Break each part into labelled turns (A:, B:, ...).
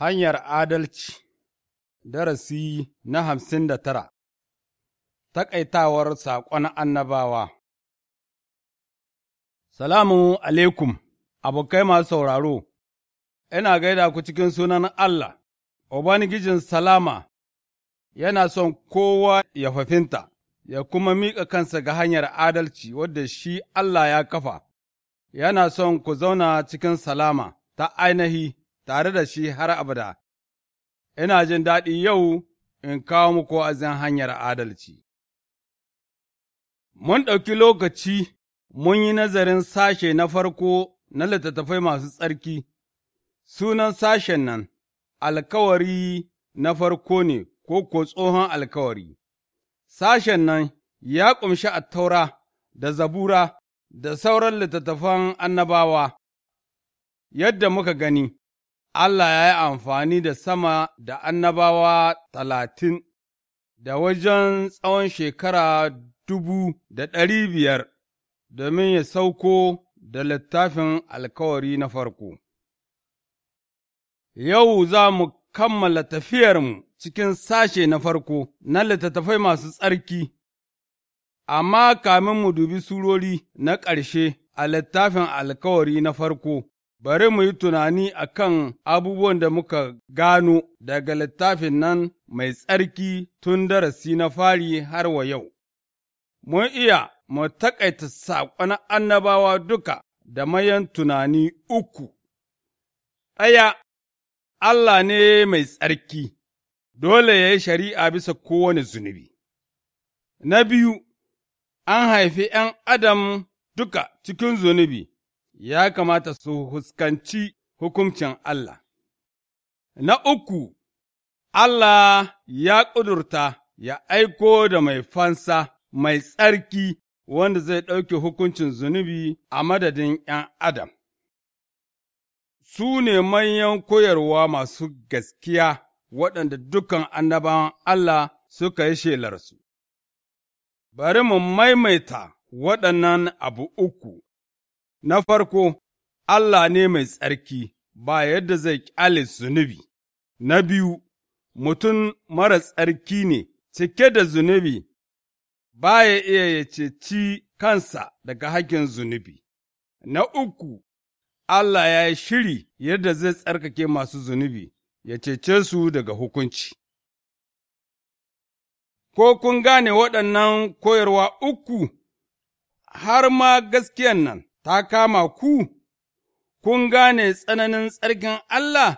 A: Hanyar Adalci Darasi na hamsin da tara Taƙaitawar saƙon annabawa Salamu alaikum, abokai masu sauraro, ina gaida ku cikin sunan Allah, Ubangijin Salama yana son kowa ya fafinta, ya kuma miƙa kansa ga hanyar adalci wadda shi Allah ya kafa, yana son ku zauna cikin salama ta ainihi. tare da shi har abada, ina jin daɗi yau in kawo muku azin hanyar adalci. Mun ɗauki lokaci mun yi nazarin sashe na farko na littattafai masu tsarki, sunan sashen nan alkawari na farko ne ko ko tsohon alkawari. Sashen nan ya ƙumshi attaura da zabura da sauran littattafan annabawa, yadda muka gani, Allah ya yi amfani da sama da annabawa talatin da wajen tsawon shekara dubu da ɗari biyar domin ya sauko da littafin alkawari na farko. Yau za mu kammala tafiyarmu cikin sashe na farko na littattafai masu tsarki, amma kamin mu dubi surori na ƙarshe a littafin alkawari na farko, bari mu yi tunani a kan abubuwan da muka gano daga littafin nan mai tsarki tun darasi na fari har wa yau. Mun iya mu taƙaita saƙon annabawa duka da mayan tunani uku. Ɗaya, Allah ne mai tsarki, dole ya yi shari'a bisa kowane zunubi. Na biyu, an haifi ’yan Adam duka cikin zunubi. ya kamata su huskanci hukuncin Allah. Na uku, Allah ya ƙudurta ya aiko da mai fansa mai tsarki wanda zai ɗauke hukuncin zunubi a madadin ’yan Adam. Su ne manyan koyarwa masu gaskiya waɗanda dukan annabawan Allah suka yi shelarsu. Bari mu maimaita waɗannan abu uku Na farko, Allah ne mai tsarki, ba yadda zai ƙyale zunubi. Na biyu, mutum mara tsarki ne, cike da zunubi, ba ya iya ya ceci kansa daga hakin zunubi. Na uku, Allah ya yi shiri yadda zai tsarkake masu zunubi, ya cece su daga hukunci. Ko kun gane waɗannan koyarwa uku, har ma gaskiyan nan. ta kama ku, kun gane tsananin tsarkin Allah,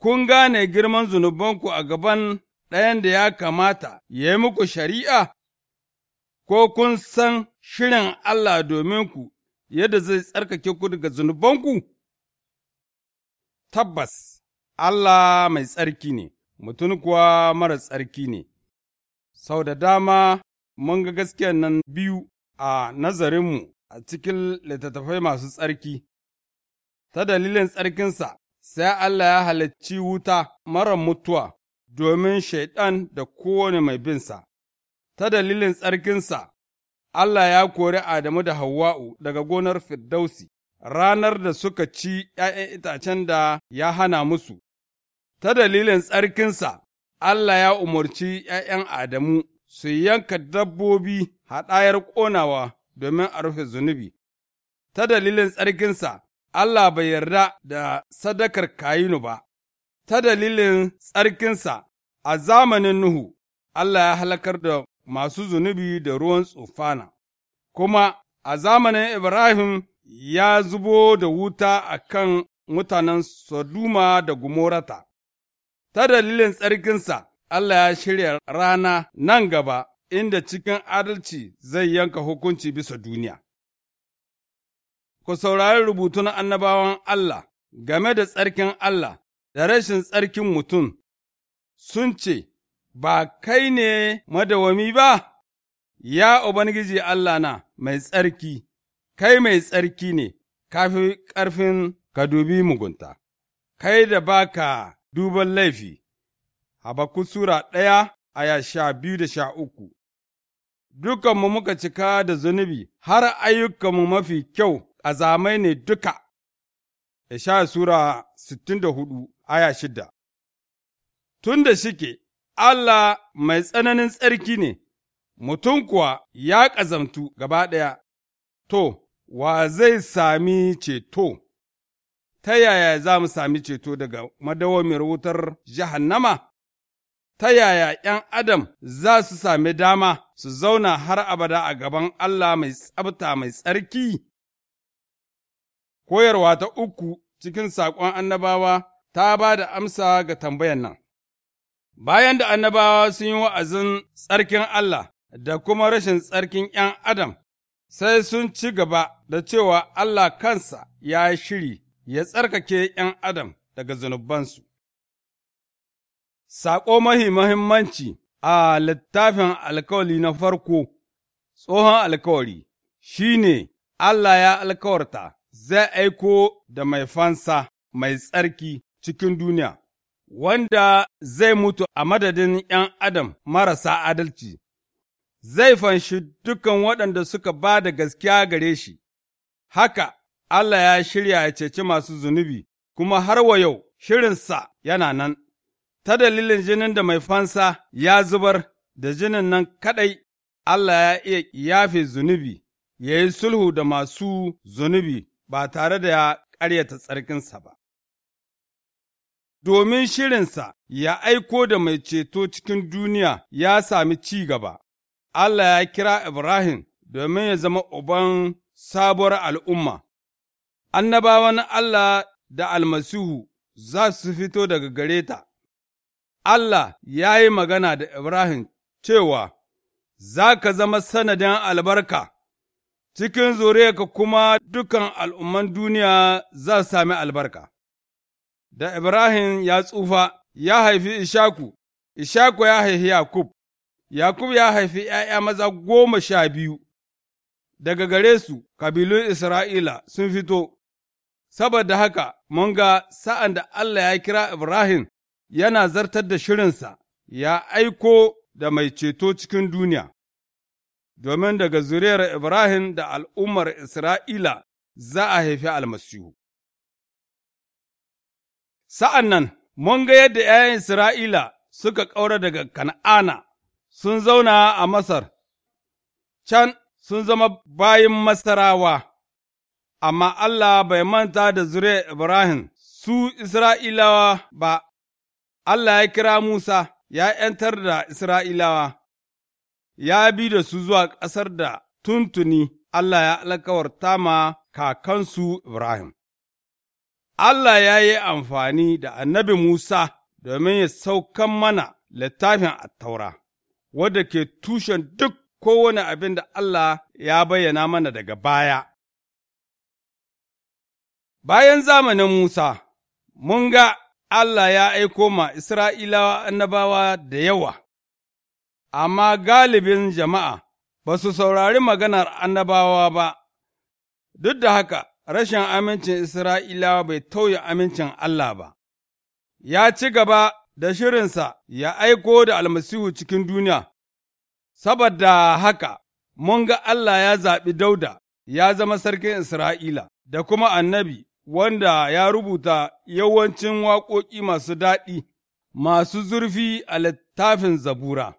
A: kun gane girman zunubanku a gaban ɗayan da ya kamata ya yi muku shari'a, ko kun san shirin Allah domin ku yadda zai tsarkake ku daga zunubanku? Tabbas, Allah mai tsarki ne, mutum kuwa mara tsarki ne, sau da dama mun ga gaskiyan nan biyu a nazarinmu. a cikin littattafai masu tsarki, ta dalilin tsarkinsa sai Allah ya halicci wuta mara mutuwa domin Shaiɗan da kowane mai binsa, ta dalilin tsarkinsa Allah ya kori Adamu da Hawwa'u daga gonar Firdausi ranar da suka ci ’ya'yan itacen da ya hana musu, ta dalilin tsarkinsa Allah ya umarci ’ya'yan Adamu su yanka dabbobi haɗayar ƙonawa domin a rufe zunubi. Ta dalilin tsarkinsa, Allah bai yarda da sadakar Kayinu ba, ta dalilin tsarkinsa a zamanin Nuhu, Allah ya halakar da masu zunubi da ruwan tsofana, kuma a zamanin Ibrahim ya zubo da wuta a kan mutanen Soduma da Gumorata. Ta dalilin tsarkinsa, Allah ya shirya rana nan gaba inda cikin adalci zai yanka hukunci bisa duniya. Ku saurari na annabawan Allah game da tsarkin Allah da rashin tsarkin mutum, sun ce, Ba kai ne madawami ba, ya Ubangiji Allah na mai tsarki, kai mai tsarki ne, kafi ƙarfin ka dubi mugunta, kai da ba ka duban laifi, Habakku Sura ɗaya aya sha biyu da sha uku. dukanmu muka cika da zunubi har ayyukanmu mafi kyau azamai ne duka. Ishaya Sura 64 aya shida Tun da shike, Allah mai tsananin tsarki ne, mutum kuwa ya ƙazamtu gaba ɗaya, to, wa zai sami ceto, ta yaya za mu sami ceto daga madawamiyar wutar jahannama? ta yaya ’yan Adam za su sami dama su zauna har abada a gaban Allah mai tsabta mai tsarki? Koyarwa ta uku cikin saƙon annabawa ta ba da amsa ga tambayan nan. Bayan da annabawa sun yi wa'azin tsarkin Allah da kuma rashin tsarkin ’yan Adam, sai sun ci gaba da cewa Allah kansa ya shiri ya tsarkake ’yan Adam daga zunubansu. Saƙo mahi mahimmanci a littafin alkawali na farko, tsohon alkawari, shi ne Allah ya alkawarta zai aiko da mai fansa mai tsarki cikin duniya, wanda zai mutu a madadin ’yan adam marasa adalci, zai fanshi dukan waɗanda suka ba da gaskiya gare shi, haka Allah ya shirya ya ceci masu zunubi, kuma har wa yau shirinsa yana nan. ta dalilin jinin da mai fansa ya zubar da jinin nan kaɗai, Allah ya iya yafe zunubi, ya yi sulhu da masu zunubi ba tare da ya ƙaryata tsarkinsa ba. Domin shirinsa ya aiko da mai ceto cikin duniya ya sami ci gaba, Allah ya kira Ibrahim domin ya zama uban sabuwar al'umma. Annabawan Allah da almasihu za su fito daga gare ta. Allah ya yi magana da Ibrahim cewa, Za ka zama sanadin albarka, cikin zuriyarka kuma dukan al'umman duniya za su sami albarka. Da Ibrahim ya tsufa, ya haifi Ishaku, Ishaku ya haifi Yakub, Yakub ya haifi ’ya'ya maza goma sha biyu, daga gare su kabilun Isra'ila sun fito, saboda haka mun ga sa'an da Allah ya kira Ibrahim yana zartar da shirinsa, ya aiko da mai ceto cikin duniya, domin daga zuriyar Ibrahim da al'ummar Isra'ila za a haifi almasihu. Sa'an nan, mun ga yadda ’ya'yan Isra'ila suka ƙaura daga Kan'ana sun zauna a Masar, can sun zama bayin Masarawa, amma Allah bai manta da zuriyar Ibrahim su Isra'ilawa ba, Allah ya kira Musa ya ’yantar da Isra'ilawa, ya bi da su zuwa ƙasar da tuntuni Allah ya alkawarta ma kakansu Ibrahim. Allah ya yi amfani da annabi Musa domin ya saukan mana littafin taura wadda ke tushen duk kowane abin da Allah ya bayyana mana daga baya. Bayan zamanin Musa, mun ga Allah ya aiko ma Isra'ilawa annabawa da yawa, amma galibin jama'a ba su saurari maganar annabawa ba, duk da haka rashin amincin Isra'ilawa bai tauye amincin Allah ba, ya ci gaba da shirinsa ya aiko da almasihu cikin duniya, saboda haka mun ga Allah ya zaɓi Dauda ya zama sarkin Isra'ila da kuma annabi wanda ya rubuta yawancin waƙoƙi masu daɗi, masu zurfi a littafin zabura.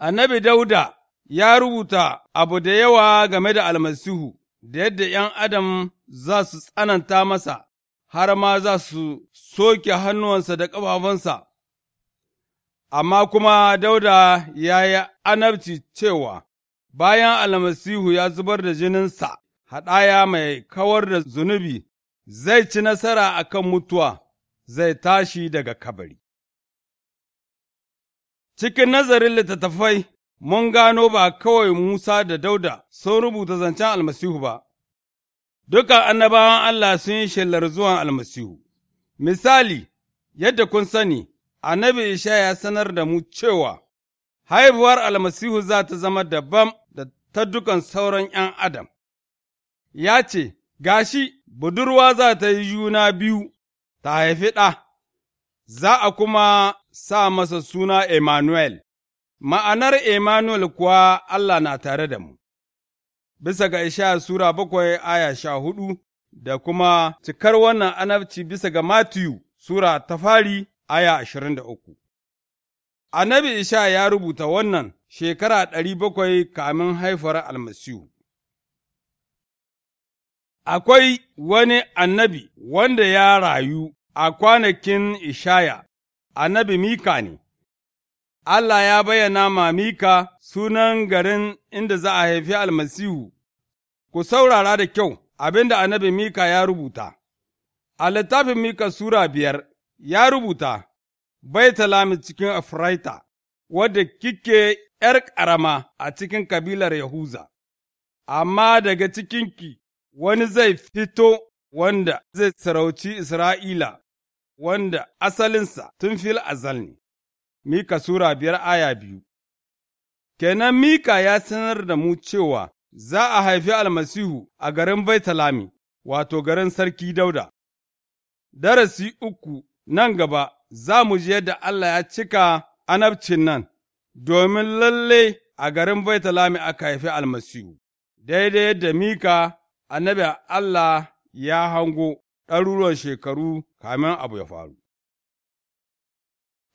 A: Annabi Dauda ya rubuta abu da yawa game da almasihu, da yadda ’yan Adam za su tsananta masa, har ma za su soke hannuwansa da ƙafafunsa. Amma kuma Dauda ya yi anabci cewa, bayan almasihu ya zubar da jininsa haɗaya mai kawar da zunubi, zai ci nasara a kan mutuwa, zai tashi daga kabari. Cikin nazarin littattafai, mun gano ba kawai Musa da Dauda sun rubuta zancen almasihu ba, duka annabawan Allah sun yi shelar zuwan almasihu. Misali, yadda kun sani, annabi Isha ya sanar da mu cewa haihuwar almasihu za ta zama dabam da ta dukan sauran ’yan Adam. ya ce, ga shi budurwa za ta yi juna biyu, ta haifi ɗa, za a kuma sa masa suna Emmanuel, ma'anar Emmanuel kuwa Allah na tare da mu. Bisa ga Isha Sura bakwai aya sha hudu da kuma cikar wannan anabci bisa ga Matiyu Sura ta fari aya ashirin da uku. Annabi Isha ya rubuta wannan shekara ɗari bakwai kamin haifar almasihu. Akwai wani annabi wanda ya rayu a kwanakin Ishaya, annabi Mika ne, Allah ya bayyana ma Mika sunan garin inda za a haifi almasihu, ku saurara da kyau abinda annabi Mika ya rubuta. A littafin Mika Sura biyar ya rubuta, bai Baitalami cikin Afraita, wadda kike ’yar ƙarama a cikin kabilar Yahuza, amma daga cikinki wani zai fito wanda zai sarauci Isra'ila, wanda asalinsa tun fil azal ne, Mika Sura biyar aya biyu. Kenan Mika ya sanar da mu cewa za a haifi almasihu a garin Baitalami, wato garin Sarki Dauda. Darasi uku nan gaba za mu ji yadda Allah ya cika anabcin nan, domin lalle a garin Baitalami aka haifi almasihu, daidai yadda Mika annabi Allah ya hango ɗaruruwan shekaru kamin abu ya faru.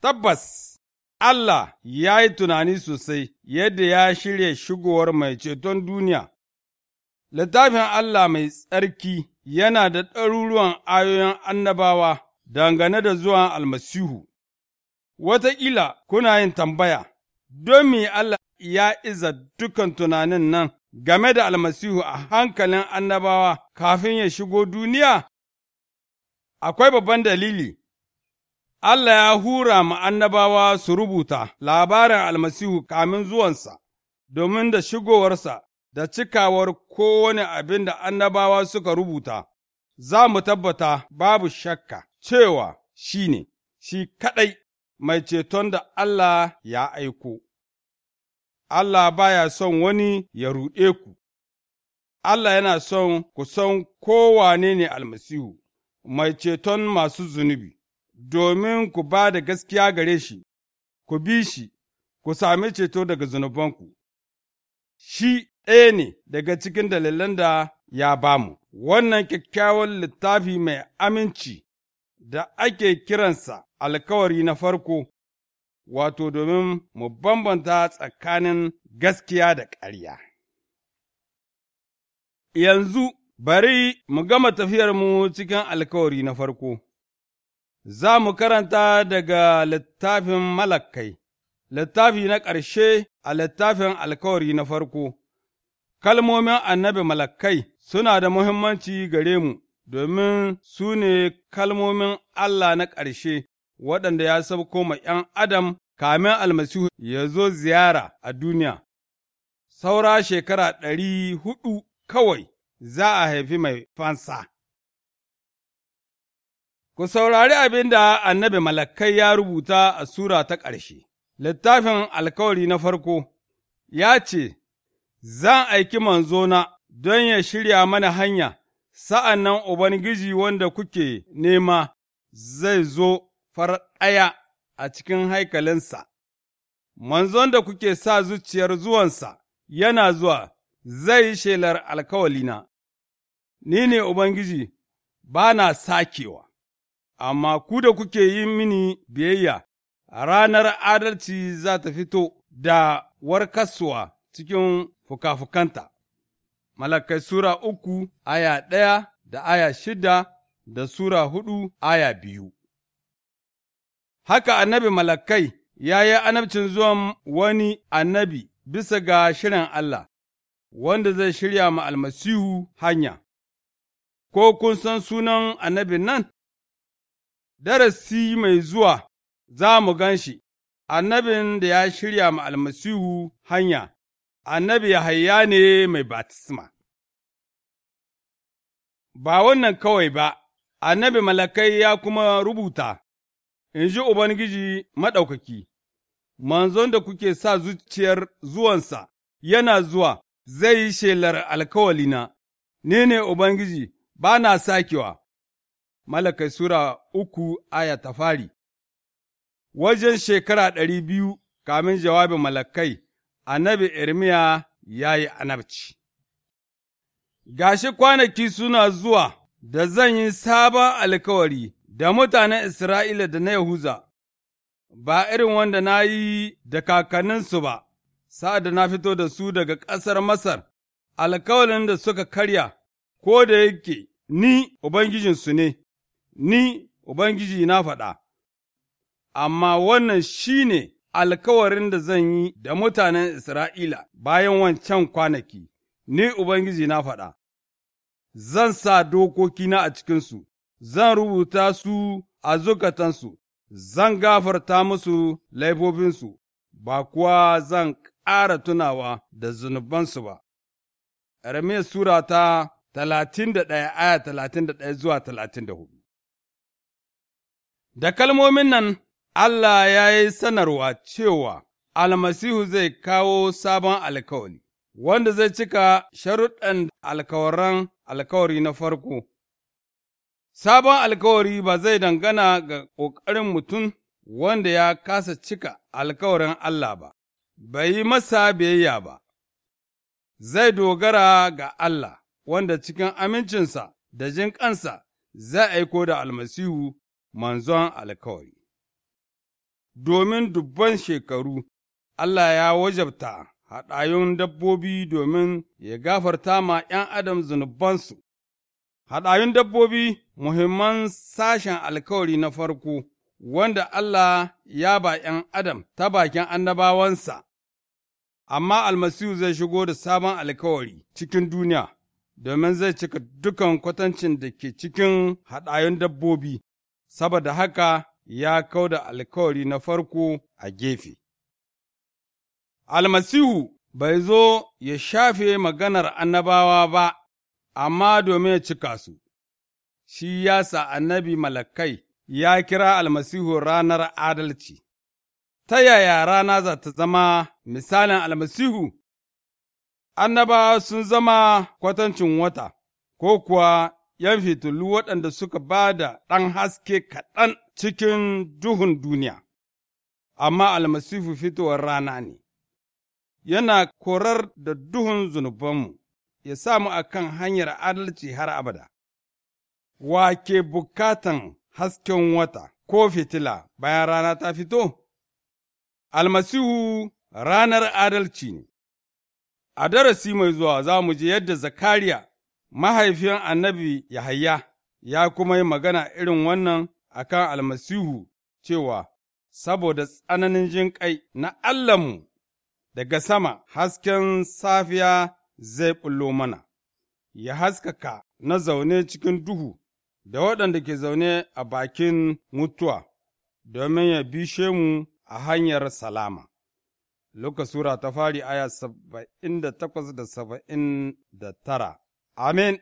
A: Tabbas, Allah ya yi tunani sosai yadda ya shirya shigowar mai ceton duniya. Littafin Allah mai tsarki yana da ɗaruruwan ayoyin annabawa dangane da zuwan almasihu. Wataƙila kuna yin tambaya, don me Allah ya iza dukan tunanin nan game da almasihu a hankalin annabawa kafin ya shigo duniya? Akwai babban dalili, Allah ya hura ma annabawa su rubuta labarin almasihu kamin zuwansa, domin da shigowarsa da cikawar kowane abin da annabawa suka rubuta, za mu tabbata babu shakka cewa shi ne, shi kaɗai mai ceton da Allah ya aiko. Allah baya son wani ya ruɗe ku, Allah yana son ku san kowane ne almasihu, mai ceton masu zunubi, domin ku ba da gaskiya gare shi, ku bi shi, ku sami ceto daga zunubanku. Shi ɗaya ne daga cikin dalilan da ya bamu, wannan kyakkyawan littafi mai aminci da ake kiransa alkawari na farko, wato domin mu bambanta tsakanin gaskiya da ƙarya. Yanzu bari mu gama tafiyarmu cikin alkawari na farko, za mu karanta daga littafin malakai, littafi na ƙarshe a littafin alkawari na farko. Kalmomin annabi malakai suna da muhimmanci gare mu domin su ne kalmomin Allah na ƙarshe waɗanda ya sauko ma ’yan Adam kamin almasihu ya zo ziyara a duniya. Saura shekara ɗari huɗu kawai za a haifi mai fansa. Ku saurari abin da annabi malakai ya rubuta a Sura ta ƙarshe, littafin alkawari na farko, ya ce, Zan aiki manzo na don ya shirya mana hanya, sa'an nan Ubangiji wanda kuke nema zai zo far ɗaya a cikin haikalinsa, manzon da kuke sa zuciyar zuwansa yana zuwa zai yi shelar alkawalina, ni ne Ubangiji ba na sakewa, amma ku da kuke yi mini biyayya, ranar adalci za ta fito da warkaswa cikin fuka-fukanta. Malakai Sura uku, aya ɗaya da aya shida da Sura hudu, aya biyu. haka annabi malakai ya yi anabcin zuwan wani annabi bisa ga shirin Allah, wanda zai shirya ma almasihu hanya. Ko kun san sunan annabi nan? Darasi mai zuwa za mu gan shi, annabin da ya shirya ma almasihu hanya, annabi Yahaya ne mai batisma. Ba wannan kawai ba, annabi malakai ya kuma rubuta. in ji Ubangiji Maɗaukaki, manzon da kuke sa zuciyar zuwansa yana zuwa zai yi shelar alkawalina, ni ne Ubangiji ba na sakewa. Malakai Sura uku aya ta fari Wajen shekara ɗari biyu kamin jawabin malakai, annabi Irmiya ya yi anabci. Gashi kwanaki suna zuwa da zan yi sabon alkawari da mutanen Isra'ila da na Yahuza, ba irin wanda na yi da kakanninsu ba, sa'ad da na fito da su daga ƙasar Masar, alkawalin da suka karya, ko da yake ni Ubangijinsu ne, ni Ubangiji na faɗa, amma wannan shi ne alkawarin da zan yi da mutanen Isra'ila bayan wancan kwanaki, ni Ubangiji na faɗa, zan sa dokokina a cikinsu, zan rubuta su a zukatansu, zan gafarta musu laifofinsu, ba kuwa zan ƙara tunawa da zunubansu ba. Ramiya Sura ta talatin da ɗaya aya talatin da ɗaya zuwa talatin da hudu. Da kalmomin nan, Allah ya yi sanarwa cewa Almasihu zai kawo sabon alkawari, wanda zai cika sharuɗan alkawaran alkawari na farko. Sabon alkawari ba zai dangana ga ƙoƙarin mutum wanda ya kasa cika alkawarin Allah ba, bai yi masa biyayya ba, zai dogara ga Allah wanda cikin amincinsa da jin kansa zai aiko da almasihu manzon alkawari. Domin dubban shekaru, Allah ya wajabta haɗayun dabbobi domin ya gafarta ma ’yan adam zunubansu, Haɗayun dabbobi muhimman sashen alkawari na farko, wanda Allah ya ba ’yan Adam ta bakin annabawansa, amma almasihu zai shigo da sabon alkawari cikin duniya, domin zai cika dukan kwatancin da ke cikin haɗayun dabbobi, saboda haka ya kau da alkawari na farko a gefe. Almasihu bai zo ya shafe maganar annabawa ba. amma domin ya cika su, shi ya sa annabi malakai ya kira almasihu ranar adalci, ta yaya rana za ta zama misalin almasihu? annaba sun zama kwatancin wata, ko kuwa ’yan fitilu waɗanda suka ba da ɗan haske kaɗan cikin duhun duniya, amma almasihu fitowar rana ne, yana korar da duhun zunubanmu. ya samu a kan hanyar adalci har abada. Wa ke bukatan hasken wata ko fitila bayan rana ta fito? Almasihu ranar adalci ne. A darasi mai zuwa za mu ji yadda Zakariya, mahaifin annabi Yahaya, ya kuma yi magana irin wannan akan almasihu cewa, Saboda tsananin jinƙai na Allahnmu daga sama hasken safiya zai ƙullo mana, ya haskaka na zaune cikin duhu da waɗanda ke zaune a bakin mutuwa, domin ya bishe mu a hanyar salama. Luka Sura ta fari aya saba'in da takwas da saba'in da tara. Amin.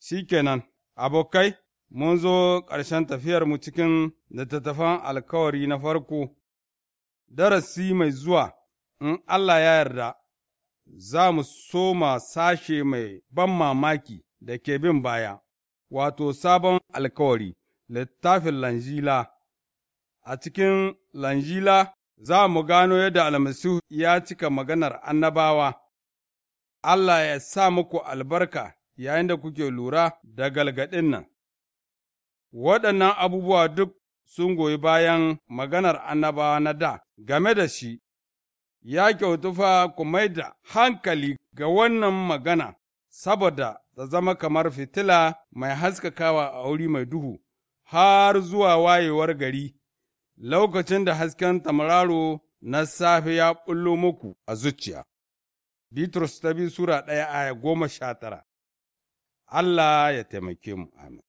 A: Shi kenan, abokai, mun zo ƙarshen tafiyarmu cikin littattafan alkawari na farko, darasi mai zuwa, in Allah ya yarda, za mu soma sashe mai ban mamaki da ke bin baya, wato sabon alkawari, littafin Lanjila. A cikin Lanjila za mu gano yadda almasihu ya cika maganar annabawa, Allah ya sa muku albarka yayin da kuke lura da galgadin nan. Waɗannan abubuwa duk sun goyi bayan maganar annabawa na da game da shi ya kyautu fa ku mai da hankali ga wannan magana, saboda ta zama kamar fitila mai haskakawa a wuri mai duhu, har zuwa wayewar gari, lokacin da hasken tamararo na safe ya ɓullo muku a zuciya. Bitrus ta bi Sura ɗaya aya goma sha tara Allah ya taimake mu, amin.